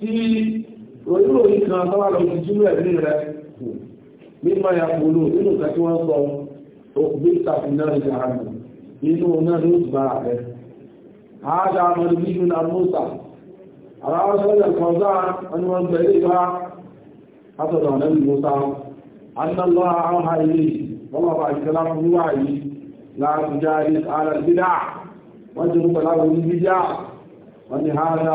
tí oníròyìn kan tọ́wà lọ sí júwẹ̀ ní rẹ̀ kù mímọ̀ ya polú nínú kan tí wọ́n sọ òkùnbí ìtàkùn náà ní ààrùn nínú náà ní òtù bára rẹ̀ àádá amadu bí nínú amúsà àwọn aṣọ́lẹ̀ wọ́n ni háàdá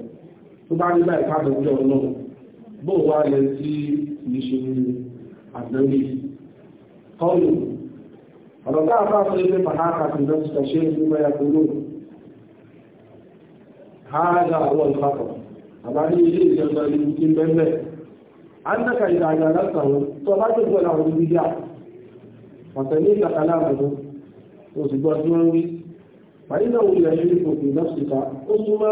tó bá rí báyìí káàdùn jọ náà bó wá lẹ sí ìṣe àdánwì kọlù ọ̀rọ̀ tá a bá fẹ́ pé pàtàkì àti ìdánwò ṣe ń gbé ẹ̀kọ́ lónìí هذا هو الخطر أبعني إليه جمع المسلم بالله أنك إذا جالسته طلعت له بالبدع فسمعت كلامه وسبحانه فإنه يشرك في نفسك أصلا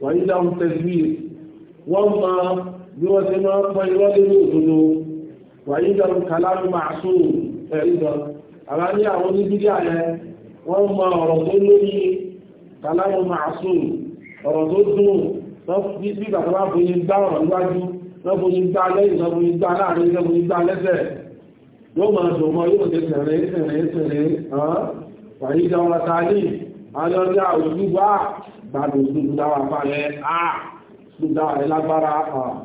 wàyí láwọn tẹ̀sí wọ́n máa ma wọ́n ti máa ń pọ́ irọ́ lórí òdodo wàyí láwọn kàlámù màásù ẹ̀rígbọ́ àbá ní àwọn oníbídí ààrẹ wọ́n máa gbádùn sùúrù dáwà fàyẹ àà sùúrù dáwà rẹ lágbára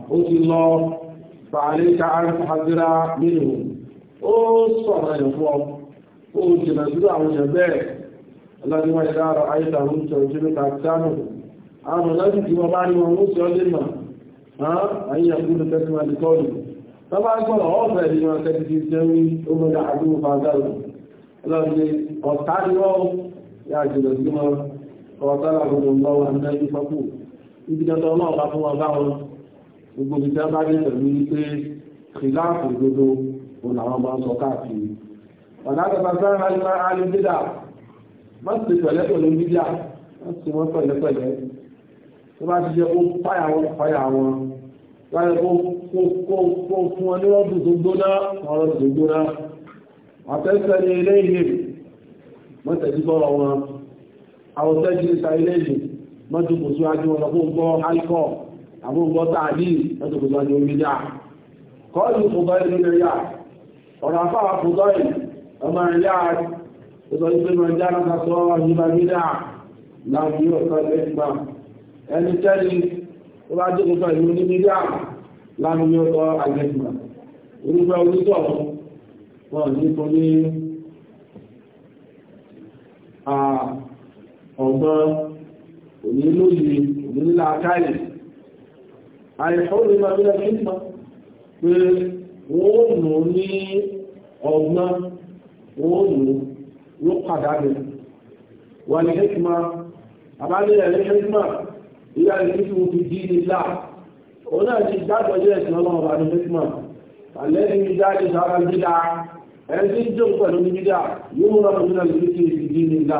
ó ti lọ fàálẹ́ ká àzíra nínú ó sọ̀rọ̀ ẹ̀ fún ó jìnà sí àwọn èèyàn bẹ́ẹ̀ ọlọ́dúnwá ìdá ọ̀rọ̀ àìsàn ń sọ ìṣẹ́lẹ̀ kàtánù àwọn ọlọ́dún tí wọ́n bá ní wọn ó kúrò wọn ti ọ̀tọ́lá gbogbo lọ́wọ́ ẹ̀nà ìfọ́kù ibi dandan náà bá fún wa báwọn gbogbo ibi tí a bá rí pẹ̀lú wípé kìláàfù gbogbo òun làwọn máa ń sọ káàkiri ọ̀nà àgbàgbà sára nípa alìbídà má sì pẹ̀lẹ́ pẹ̀lú bídà má sì wọ́n pẹ̀lẹ́ pẹ̀lẹ́ tó bá ti jẹ́ kó fáyà wọn fáyà wọn láyé kó fún wọn ní tó gbóná wọn rọ́bù tó gbóná àtẹ́sẹ̀ ní ilé ìhìn mọ́tẹ̀sí wọn àwòtẹ́ jí níta ilé ìlú mọ́tòkò síwájú wọn lọ́pọ̀ gbọ́ alkọ́ àwọn gbọ́ tààlì mọ́tòkò síwájú omi dá kọ́ọ̀lù fòbá ìlú rẹ̀ yá ọ̀rọ̀ afáwà fòbá ìlú ọmọ ìyá ìsọ̀ ìpé mọ̀ ìjà náà sọ ìgbà mídà láti ọ̀sọ̀ ìgbà ẹni tẹ́lì tó bá jókòó sọ ìlú ní mídà láti ọ̀sọ̀ àgbẹ̀gbà orúkọ orúkọ wọn ní kò ní ọ̀gbọ́n onílòyè onílà káyẹ̀ àìfọ́rí mabílẹ̀ kíkọ́ pé wọ́n nù ní ọgbọ́n wọ́n nù ló pàdánù wà ní hekima àbálẹ̀ rẹ̀ hekima ìyá ìfífí wọn fi dí nílá òun náà ti gbàgbọ́ jẹ́ ẹ̀sìn ọlọ́run bá ní hekima àlẹ́ ní jáde sára gbígbà ẹni tí ń jẹun pẹ̀lú gbígbà yóò rọrùn nínú ìfífí ìdí nílá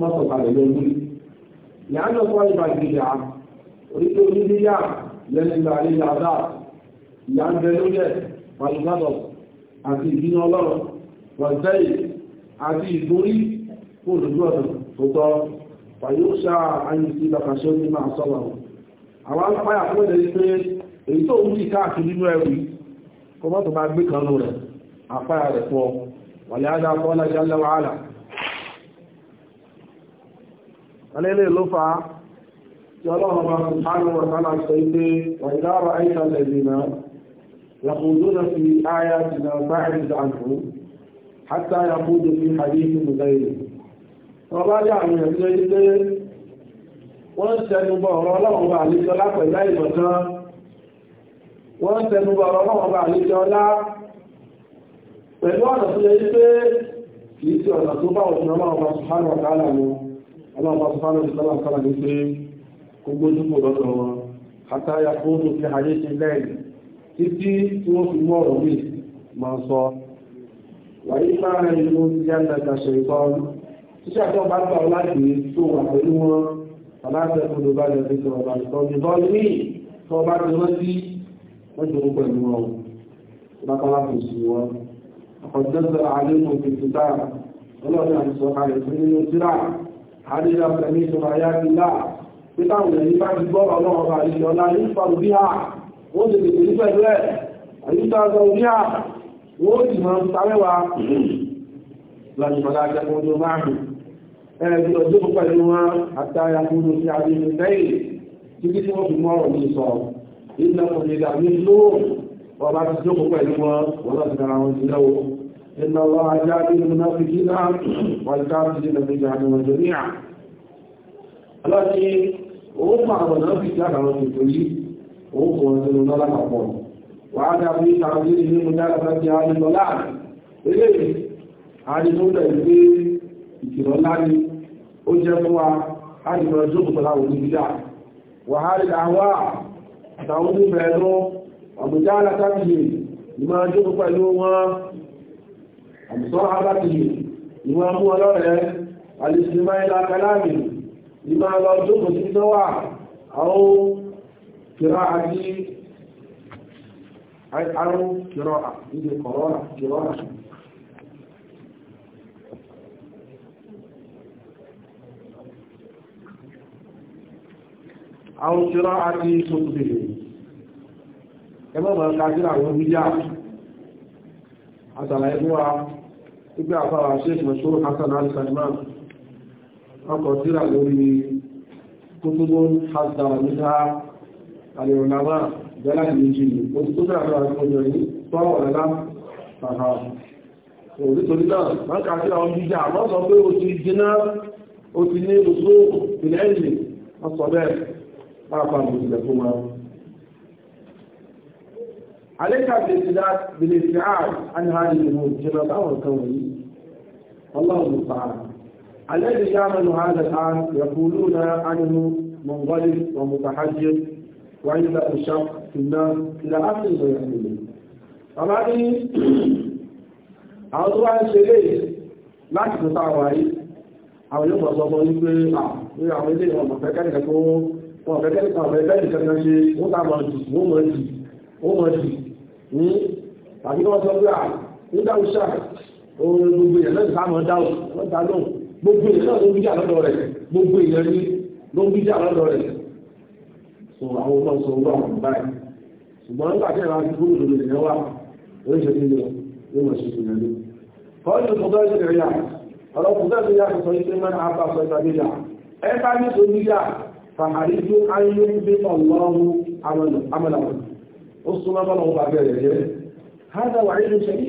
má sọ kalẹ̀ lórí ìyájọ́ sọ ìgbà ìgbìyà oríṣi onídíyà lẹ́nu ìgbà àlejò àdá ìyá ń bẹ lórí ẹ̀ àti ìbínú ọlọ́run wọ̀ntẹ́yì àti ìgbórí kó lójú ọ̀nà tó tọ́ ní máa àwọn fún ẹ̀dẹ̀ pé èyí tó ń káàkiri nínú ẹrù máa gbé rẹ̀ rẹ̀ pọ̀ wàlẹ́ فليلي لفع الله سبحانه وتعالى سيدي وإذا رأيت الذين يخوضون في آياتنا فأعرض عنهم حتى يخوضوا في حديث غير فراجع من السيد وأنت نبهر الله بعليك لا فلايبة وأنت نبهر الله بعليك لا فلوانا سيدي في سيدي الله سبحانه وتعالى ọlọ́pàá sọ́fánà ìsọ́lá sára ní pé gbogbo dúpọ̀ lọ́dọ̀ wọn àtàyà fóònù fi àyè ṣe lẹ́yìn títí tí wọ́n fi mú ọ̀rọ̀ mi máa sọ wàyí máa ń lo yàndàkà ṣe ìkọrù tíṣà tó bá gbà ọ láti tó wà pẹ̀lú wọn aláṣẹ fún ló bá lè fi sọ̀rọ̀ bá sọ ní bọ́ọ̀lù míì tó bá ti rántí ọlọ́run àti sọ̀kalẹ̀ fún nínú tíráà àríyá pẹ̀lú ìṣòro àyá ti láà pé táwọn èyí bá ti gbọ́ ọlọ́run bá ìṣẹ́ ọlá ní ìfàrù bí hà ó ti tètè ní pẹ̀lú ẹ̀ àyíká ọjọ́ orí hà ó sì máa ń sáwẹ́wà lọ́nìmọ̀lá jẹun ní márùn ẹ̀rẹ́dì ọjọ́ pẹ̀lú wọn àtàyà kúrò sí àbíyẹn sẹ́yìn títí tí wọ́n fi mọ́ ọ̀rọ̀ ní sọ ìlànà ìdàmí lóòrùn ọba ti jókòó pẹ̀lú wọn wọ́n lọ́sìn ara wọn sílẹ̀ ha na na o a. ndị n'ụlọ ụmụaaawụụ ọụde aaa walwa àìsọ́ abájìlì ìwọ̀n mú ọlọ́rẹ̀ alìsìnmá ilá kaláàmì ìmá lọ jókòó sí sọ́wà àwọn kìrọ àti sọ́tùbìlì ẹgbẹ́ mọ̀ kájírà àwọn wíjá àtàlà ẹgbẹ́ wa ìgbé àfáwà sheikh mashur hassan al-salman ọkọ̀ síra lórí kútùbùn hassan níta alìrànláwà jẹ́lá ìlújì tó dára àkójọ ní tọ́wọ̀ ẹ̀lá àhà òrítorí náà wọ́n kà sí àwọn jíjà wọ́n sọ pé o ti jiná o ti ní oṣù ìpìlẹ̀ ẹ̀lì wọ́n عن هذه الامور كما تعرف والله المستعان الذي يعمل هذا الآن يقولون عنه منغلق ومتحجر وعند الشق في الناس إلى آخر ما يحملون ọba ní àwọn tó bá ń ṣe lè láti tó táwà rí àwọn yóò pọ̀sọ̀ ọmọ wípé àwọn ilé ìwọ̀n mọ̀fẹ́kẹ́lẹ̀kẹ́ tó wọ́n fẹ́kẹ́lẹ̀kẹ́ ọ̀fẹ́kẹ́lẹ̀kẹ́ ṣe wọ́n tàbí ọjọ́ ìwọ̀n mọ̀ orin gbogbo èèyàn lẹ́yìn sáàmù dáhùn lọ́ta lóhùn gbogbo èèyàn náà ló ń bíjà lọ́dọ̀ rẹ̀ gbogbo èèyàn ní ló ń bíjà lọ́dọ̀ rẹ̀ so àwọn ọmọ sọ wọ́n àwọn báyìí ṣùgbọ́n nígbà tí ẹ̀rọ àdúgbò lòdò èèyàn wà lórí ṣe nílò ló mọ̀ ṣe ìrìn àjò kọ́ọ̀lù ọ̀dọ́ ìṣẹ̀rẹ̀ yà ọ̀rọ̀ kùdà yà sọ ìṣẹ́ mẹ́rin àbá sọ ìtàgé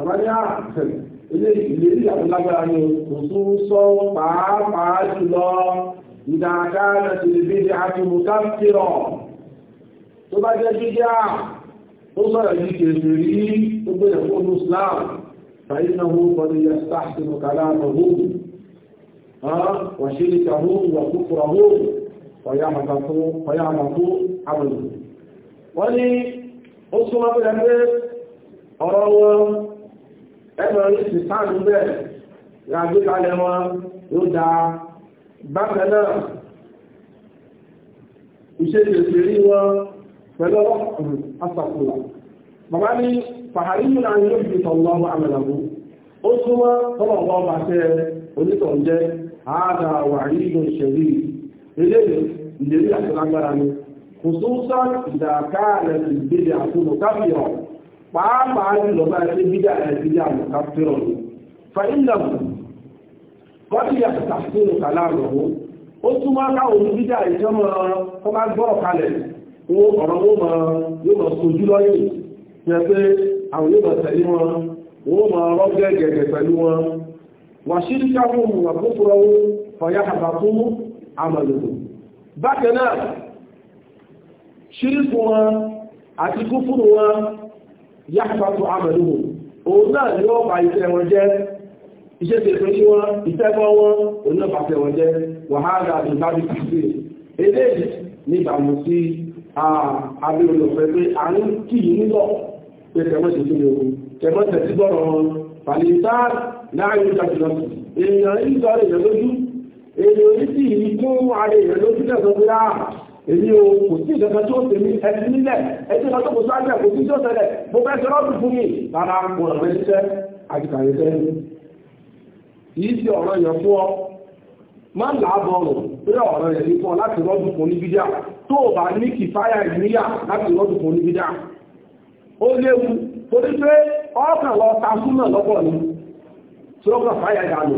bàbá ní àṣẹlẹ̀ ilé ìlérí àti lágbára ni kò tún sọ pàápàá jùlọ ìdàgá àti ìbíde àti mùkáfíọ̀ tó bá jẹ́ jíjá ó sọ̀rọ̀ yìí kèfè rí فإنه قد يستحسن كلامه وشركه وكفره فيعبط فيعبط عمله wọ́n ní ó súnmọ́ pẹ̀lú ọ̀rọ̀ ẹ̀rọ ìsì sáàdù bẹ́ẹ̀ ràgbékalẹ̀ wọn ló da bákan náà ìṣèjèsè rí wọn pẹ̀lú asàkùnlà bàbá ní fàhàrí yìí náà yóò fi tọ̀lọ́ ó súnmọ́ àádà wàrí ìṣẹ̀rí ilé àti lágbára ni kò pàápàá jùlọ bá ṣe bídá nàìjíríà mọ̀ kápítírọ̀ ní fàílẹ̀mù kọ́tíyà tàfínù kàláàrùn ó túnmọ́ láwọn bídá ìjọmọ̀ tó bá gbọ́rọ̀ kalẹ̀ wọ́n ọ̀rọ̀ wọ́n mọ̀ yóò mọ̀ sojú lọ́yìn yẹn pé àwọn yóò mọ̀ tẹ̀lé wọn wọ́n mọ̀ rọ́gẹ́gẹ̀gẹ̀ pẹ̀lú wọn wà ṣíríkà fún wà yàtọ̀tọ̀ àmàlùmù òun náà ni wọ́n bá iṣẹ́ wọn jẹ́ iṣẹ́ tètè ní wọn iṣẹ́ mọ́ wọn òun náà bá tẹ̀ wọn jẹ́ wàhálà ìbábi kìí eléyìí ní ìbàmù sí abẹ́ olùfẹ́ pé a ń kì í nílọ pé tẹ̀mọ́ ṣe kí ni o tẹ̀mọ́ tẹ̀sí èyí o kò sí ìdẹ́gbẹ́ tó ṣe ẹni nílẹ̀ ẹni kan tó kò sọ àjẹ́ kò sí tó ṣẹlẹ̀ mo fẹ́ ṣe rọ́ọ̀dù fún mi rárá mo rẹ̀ fẹ́ ṣiṣẹ́ àjùkàyè sẹ́yìn yìí ṣe ọ̀rọ̀ yẹn fún ọ máa ń làábọ̀ ọ̀rọ̀ pé ọ̀rọ̀ yẹn ní fún ọ láti rọ́ọ̀dù fún oníbídà tó o bá ní kì fáyà ìníyà láti rọ́ọ̀dù fún oníbídà ó léwu torí pé ọkàn lọ ta súnmọ̀ lọ́pọ̀ ni tí ó kàn fáyà ìdàlù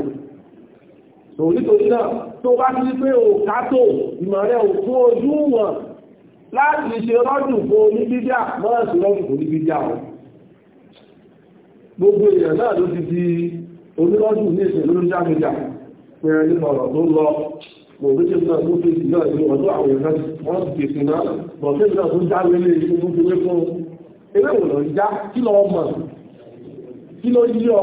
tó bá ti pé òkátò ìmọ̀ rẹ̀ òkú ojú wọn láti ṣe rọ́dùn fún oníbíjà mọ́ràn sí rọ́dùn fún oníbíjà wọn gbogbo èèyàn náà ló ti di onírọ́dùn ní ìṣẹ̀lú lórí jágbéjà pẹ̀rẹ̀ nípa ọ̀rọ̀ tó lọ òwúrẹ́jẹ́ náà tó fèsì náà ní ọdún àwọn èèyàn wọ́n ti fèsì náà bọ̀fẹ́ náà tó jáwé lé ìṣẹ́gun e, fún ewé fún ewé wò lọ já kí lọ mọ̀ kí ló yí ọ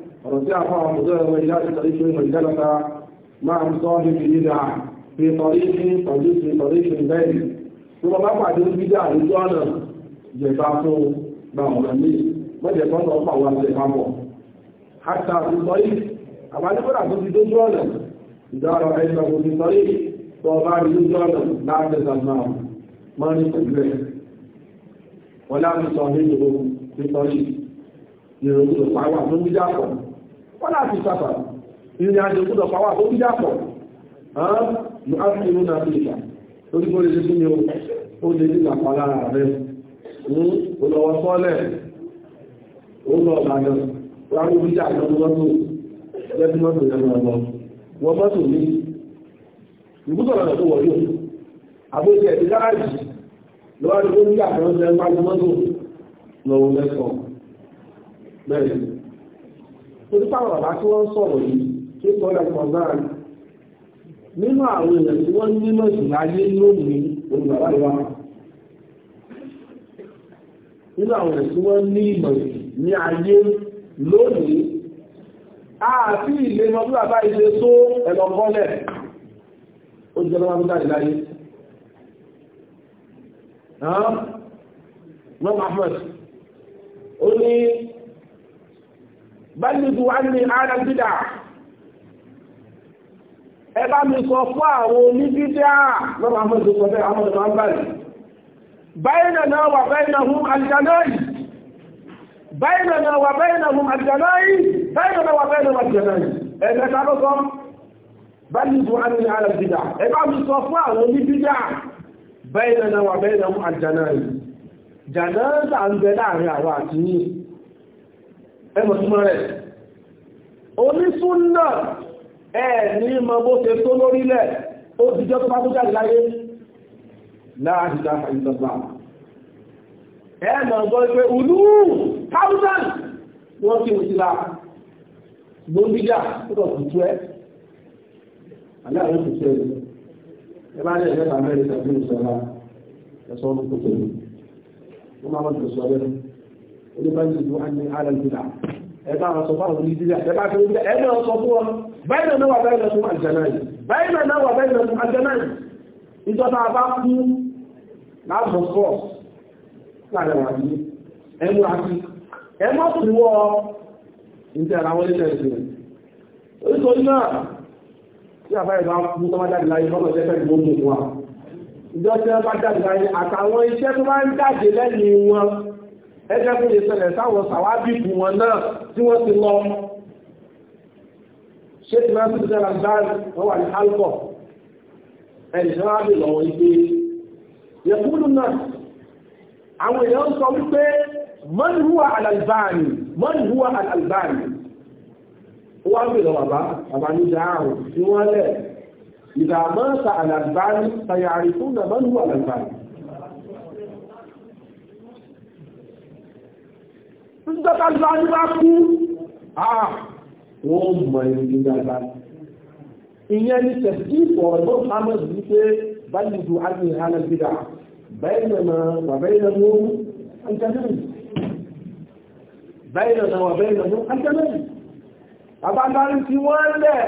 ورجعها مدرب إلى طريق مجدلة مع صاحب بدعة في طريق طريق في طريق البيت ثم ما بعد البدع رجعنا جفافه مع مغني ما جفافه أطلع ولا جفافه حتى في طريق أما نقرأ في دجوانا إذا رأيته في طريق وغار دجوانا لا تزلناه ما نقبله ولا نصاحبه في طريق يقول الصعوة من بدعة wọ́n láti sábà ìrìn àjò gbọ́dọ̀ pàwà tó bí dàpọ̀ ní áfíìrún náà fi ìgbà lórí bó lè ṣe kí ni o ó lè ní ìgbà pàlà rẹ̀ ní olówó sọ́lẹ̀ ó lọ ọ̀làjọ rárí bí dà lọ́dún mọ́tò lẹ́bí mọ́tò yẹn lọ lọ wọ́n mọ́tò ní ìbúdọ̀ lọ́dọ̀ tó wọ̀lú àbójẹ ẹ̀dí gáràjì lọ́wọ́ ni ó ní àkàrọ̀ sẹ́ńpá mọ́tò lọ́wọ́ mẹ́sàn-án bẹ́ẹ̀ torí táwọn tí wọ́n sọ̀rọ̀ yìí tí ó tọ́lá kọ̀ọ̀gbára nínú àwọn èèyàn tí wọ́n nílò ìláyé lónìí òun nínú àwọn èèyàn tí wọ́n ní ìmọ̀ ní ayé lónìí àti ilé mọ bàbá ilé tó ẹ̀lọ́ ó ní bẹ́lìdù wáyé ara dídà ẹ bá mi sọ fún àwọn onídídá lọ́wọ́ amọ́dé sọ bẹ́ẹ̀ amọ́dé máa ń báyìí báyìí náà wà báyìí náà hún alìjànáyì báyìí náà wà báyìí náà hún alìjànáyì báyìí náà wà báyìí náà hún alìjànáyì ẹ̀ẹ́dẹ́ ká ló sọ bẹ́lìdù wáyé ara dídà ẹ bá mi sọ fún àwọn onídídá báyìí náà wà báyìí náà hún alìjànáyì jànáyì ẹmọ̀ súnmọ́ rẹ̀ onísúnnà ẹ̀ ní mọ bó ṣe tó lórílẹ̀ ó dìjọ́ tó bá tó jáde láyé láàájúdá àìsọ̀gbà ẹ̀mọ̀ ọ̀gọ́ ìpé olú thousand wọ́n o sílá gbóngbíjà púpọ̀ tuntun ẹ́ aláàrẹ tuntun ẹ̀ ẹ bá ní ẹ̀ẹ́dẹ́ta mẹ́rin tàbí ìṣọ̀lá ẹ̀sọ́ ọdún tuntun ẹ̀ wọ́n máa wọ́n tẹ̀sọ́ ẹ̀rẹ́ oníbàjìlú àmì alàjìlá ẹ̀bá àwọn sọ fáwọn onídílé àtẹ́bá tó ń bẹ́ ẹ̀mẹ́ ọ̀sọ̀ fún wọn báyìí náà wà báyìí lọ fún àjẹ́náì báyìí náà wà báyìí lọ fún àjẹ́náì ìjọba bá kú láàbọ̀ fọ́ láàrẹ̀ wà ní ẹmú àti ẹmọ́ fún wọ́ ìdí ara wọn nílẹ̀ ìgbìmọ̀ ẹgbẹ́ fún ìṣẹ̀lẹ̀ sáwọn sàwábìkù wọn náà tí wọ́n ti lọ ṣé ti máa ń tún sẹ́ra gbáàrí wọ́n wà ní alcohol ẹni tí wọ́n á bè lọ́wọ́ ìgbé yẹ̀kúlù náà àwọn èèyàn sọ wípé man huwa al-Albani man huwa al-Albani ó wá bè lọ bàbá bàbá ní dáhùn tí wọ́n lẹ̀ ìdààmọ́sà al-Albani sayàrí fún man huwa al nígbàtà láti bá kú àà ah, wọ́n mọ̀ ìrìn ìgbàgbà ìyẹn ni tẹ̀sí ọ̀rọ̀ Muhammad wípé báyìí ju àti ìhànà gbígbà bẹ́ẹ̀nàmà wà bẹ́ẹ̀nàmú àjẹ́mẹ́rin bẹ́ẹ̀nàmà wà bẹ́ẹ̀nàmú àjẹ́mẹ́rin àbátarí tí wọ́n lẹ̀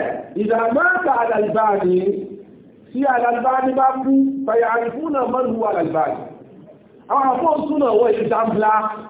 ìdàmọ́ta àdàlìbáàní tí àdàlìbáàní bá kú fẹ̀yà àrífúnà mọ́lù àdàlìbáàní àwọn àpọ̀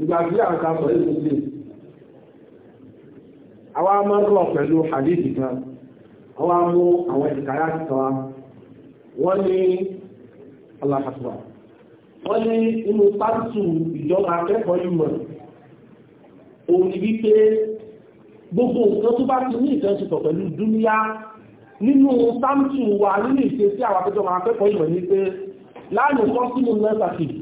ìgbà tí àwọn kàtọ̀ ìlú lè àwọn amọ́rọ̀ pẹ̀lú hadith kan ọwá mú àwọn ìkàyà tọ́wá wọ́n ní aláhàtùwà wọ́n ní inú pàtù ìjọba akẹ́kọ̀ọ́ ìmọ̀ òun ni wípé gbogbo nǹkan tó bá ti ní ìtẹ́sùpọ̀ pẹ̀lú dúníyá nínú sáàmùtù wà nínú ìṣesí àwọn akẹ́kọ̀ọ́ ìmọ̀ ní pé láàrín kọ́símù mẹ́ta kìí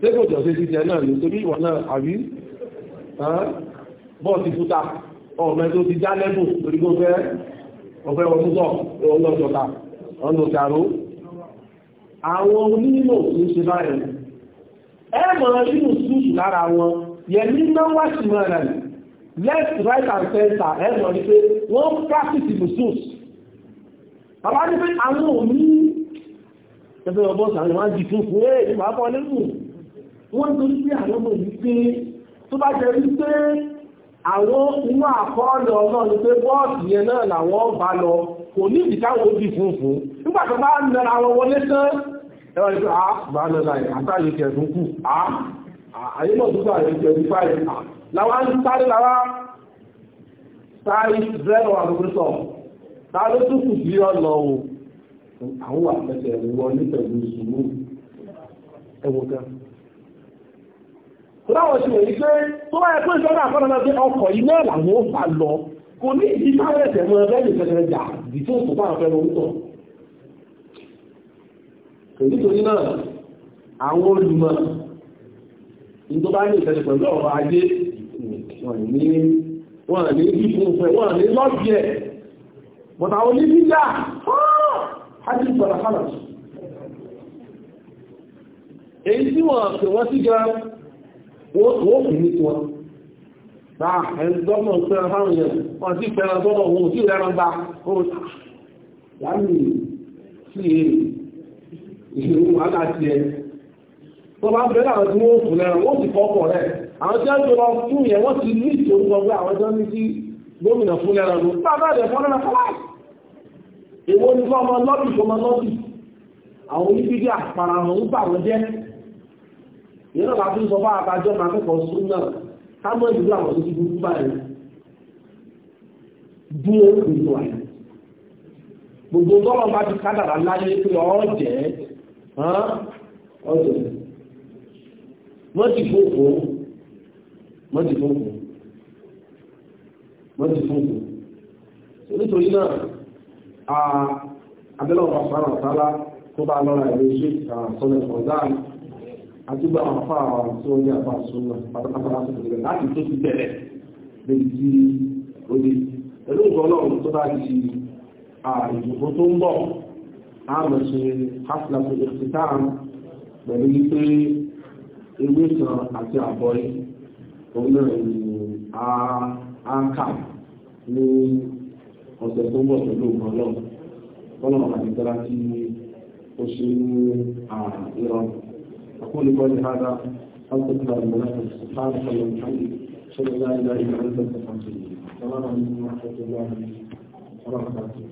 tẹ́kọ̀ jọ sí títẹ náà ní torí ìwọ̀n náà àbí bọ́ọ̀sì fúta ọmọ ẹ̀ tó ti já lẹ́bù torí gbogbo ọ̀fẹ́ ọmúsọ̀ ọlọ́jọta ọlọ́jàró àwọn onímọ̀ ń ṣe báyìí ẹ mọ̀ nínú súúsù lára wọn right and center ẹ mọ̀ ní pé wọ́n practice the súúsù bàbá ní pé àwọn òní ẹgbẹ́ ọgbọ́n sàrẹ̀ wọ́n torí pé àwọn mọ̀ wípé tó bá jẹ́ wípé àwọn inú àkọọ́lẹ̀ ọ̀nà ni pé bọ́ọ̀sì yẹn náà làwọn bá lọ kò ní ìdíkáwò bí funfun nígbà tó bá nara wọn wọlé tán ẹwà ah, ah, ah, tó kù sí ọ̀nà àwọn àpẹẹrẹ wọlé pẹ̀lú sùúrù ẹwọ̀n kan láwọn ṣe wòye pé tó wáyé pé ìjọba àkọ́nà pé ọkọ̀ ó fà lọ kò ní ìdí tó kò náà àwọn olùmọ̀ tó bá ní ìfẹsẹ̀ pẹ̀lú ọ̀rọ̀ ajé wọ́n ní ìfún wọ́n ní lọ́ọ̀dì wọ́n fi àwọn tí wọ́n fún lẹ́ran wọ́n sì fọ́kọ̀ rẹ̀ àwọn tí wọ́n ti lọ fún yẹn wọ́n ti ní ìṣòro gbogbo àwọn tí ní sí gómìnà fún lẹ́ran ló bá bẹ́ẹ̀ fọ́n lẹ́ran fọ́lá ìyẹn náà fi ń sọ fún àbájọ́ máa kẹ́kọ̀ọ́ sún náà ká mọ́ ìlú àwọn tó ti burú báyìí bí ó ń lò wáyé gbogbo tọ́lọ̀ bá ti kádàrà láyé pé ọ̀ọ́jẹ́ ọ̀jẹ́ mọ́tì fòfò mọ́tì fòfò mọ́tì fòfò nítorí náà àbẹ́lọ́pàá sára sára àtúgbà afá àwọn tó ní àpá àṣọ́nà pátápátá láti ìpínlẹ̀ láti tó ti bẹ̀rẹ̀ lèyí tí ó dé pẹ̀lú ọlọ́run tó bá di ìdìbò tó ń bọ̀ á mọ̀ ìfìtàn pẹ̀lú wípé ewé kan àti àbọ̀rí òun náà ní ọ̀sẹ̀ tó ń bọ̀ pẹ̀lú nǹkan ọlọ́run kọ́lọ́run àti ìtọ́lá tí ó ṣe ní ìrọ̀rùn أقول قولي هذا أنت المنافق سبحانك اللهم وبحمدك أشهد أن لا إله إلا أنت أستغفرك وأتوب إليك السلام عليكم ورحمة الله وبركاته